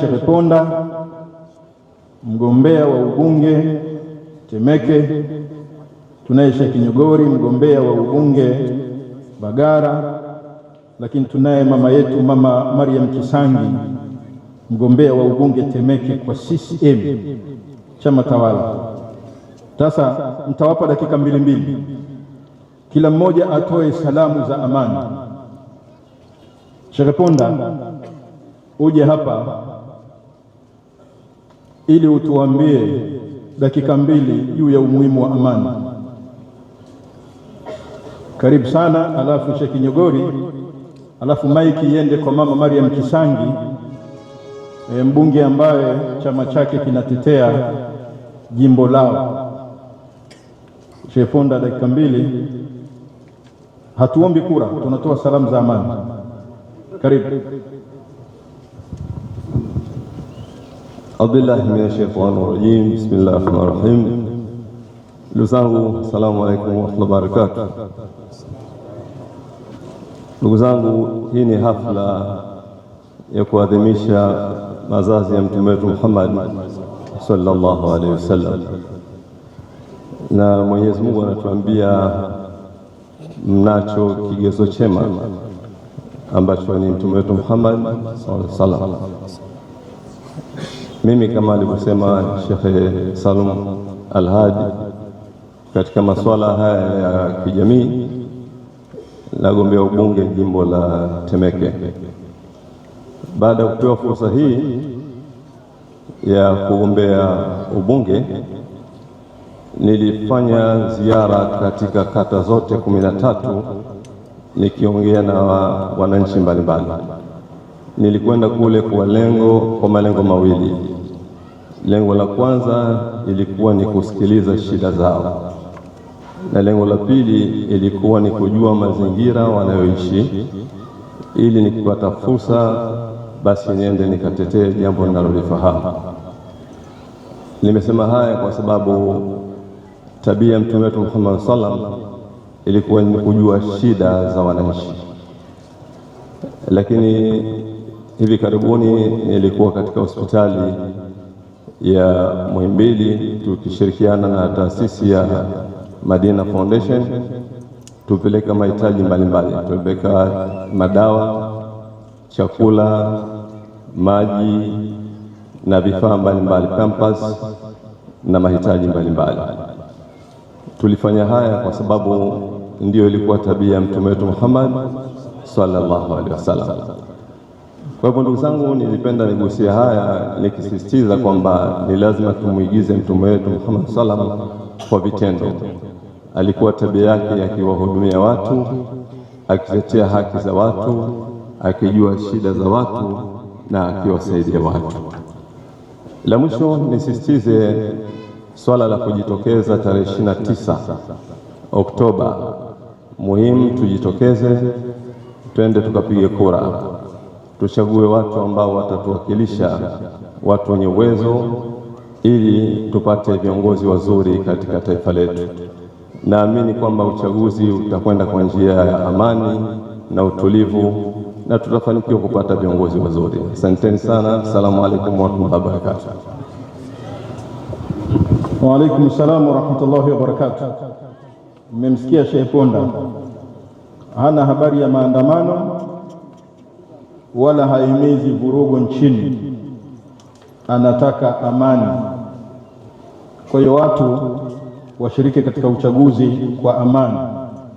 Shehe Ponda mgombea wa ubunge Temeke, tunaye Shehe Kinyogori mgombea wa ubunge Bagara, lakini tunaye mama yetu mama Mariam Kisangi mgombea wa ubunge Temeke kwa CCM chama tawala. Sasa mtawapa dakika mbili mbili, kila mmoja atoe salamu za amani. Shehe Ponda uje hapa ili utuambie dakika mbili juu ya umuhimu wa amani. Karibu sana, alafu Sheikh Nyogori, alafu maiki iende kwa mama Mariam Kisangi, eh, mbunge ambaye chama chake kinatetea jimbo lao. Sheikh dakika mbili. Hatuombi kura, tunatoa salamu za amani. Karibu. Audhubillahi min shaitani rajim. Bismillahi rahmani rahim. Ndugu zangu, assalamu alaikum warahmatullahi wabarakatuh. Ndugu zangu, hii ni hafla ya kuadhimisha mazazi ya mtume wetu Muhammad sallallahu alaihi wasallam, na Mwenyezi Mungu anatuambia mnacho kigezo chema ambacho ni mtume wetu Muhammad sallallahu alaihi wasallam mimi kama alivyosema Shekhe Salum Alhaji katika masuala haya ya kijamii, nagombea ubunge jimbo la Temeke. Baada ya kupewa fursa hii ya kugombea ubunge, nilifanya ziara katika kata zote kumi na tatu nikiongea na wananchi mbalimbali nilikwenda kule kwa lengo kwa malengo mawili. Lengo la kwanza ilikuwa ni kusikiliza shida zao, na lengo la pili ilikuwa ni kujua mazingira wanayoishi, ili nikipata fursa basi niende nikatetee jambo ninalolifahamu. Nimesema haya kwa sababu tabia ya mtume wetu Muhammad sallam ilikuwa ni kujua shida za wananchi, lakini Hivi karibuni nilikuwa katika hospitali ya Muhimbili tukishirikiana na taasisi ya Madina Foundation, tupeleka mahitaji mbalimbali, tupeleka madawa, chakula, maji na vifaa mbalimbali, pampers na mahitaji mbalimbali. Tulifanya haya kwa sababu ndiyo ilikuwa tabia ya Mtume wetu Muhammad sallallahu alaihi wasallam. Kwa hivyo ndugu zangu, nilipenda nigusia haya nikisisitiza kwamba ni lazima tumwigize mtume wetu Muhammad sallam kwa vitendo. Alikuwa tabia yake akiwahudumia watu, akitetea haki za watu, akijua shida za watu na akiwasaidia watu. La mwisho nisisitize swala la kujitokeza tarehe 29 Oktoba, muhimu tujitokeze, twende tukapiga kura tuchague watu ambao watatuwakilisha, watu wenye uwezo, ili tupate viongozi wazuri katika taifa letu. Naamini kwamba uchaguzi utakwenda kwa njia ya amani na utulivu na tutafanikiwa kupata viongozi wazuri. Asanteni sana, assalamu alaikum warahmatullahi wabarakatuh. Wa alaikum salamu warahmatullahi wabarakatuh. Mmemsikia Sheikh Ponda hana habari ya maandamano wala haimezi vurugu nchini, anataka amani. Kwa hiyo watu washiriki katika uchaguzi kwa amani.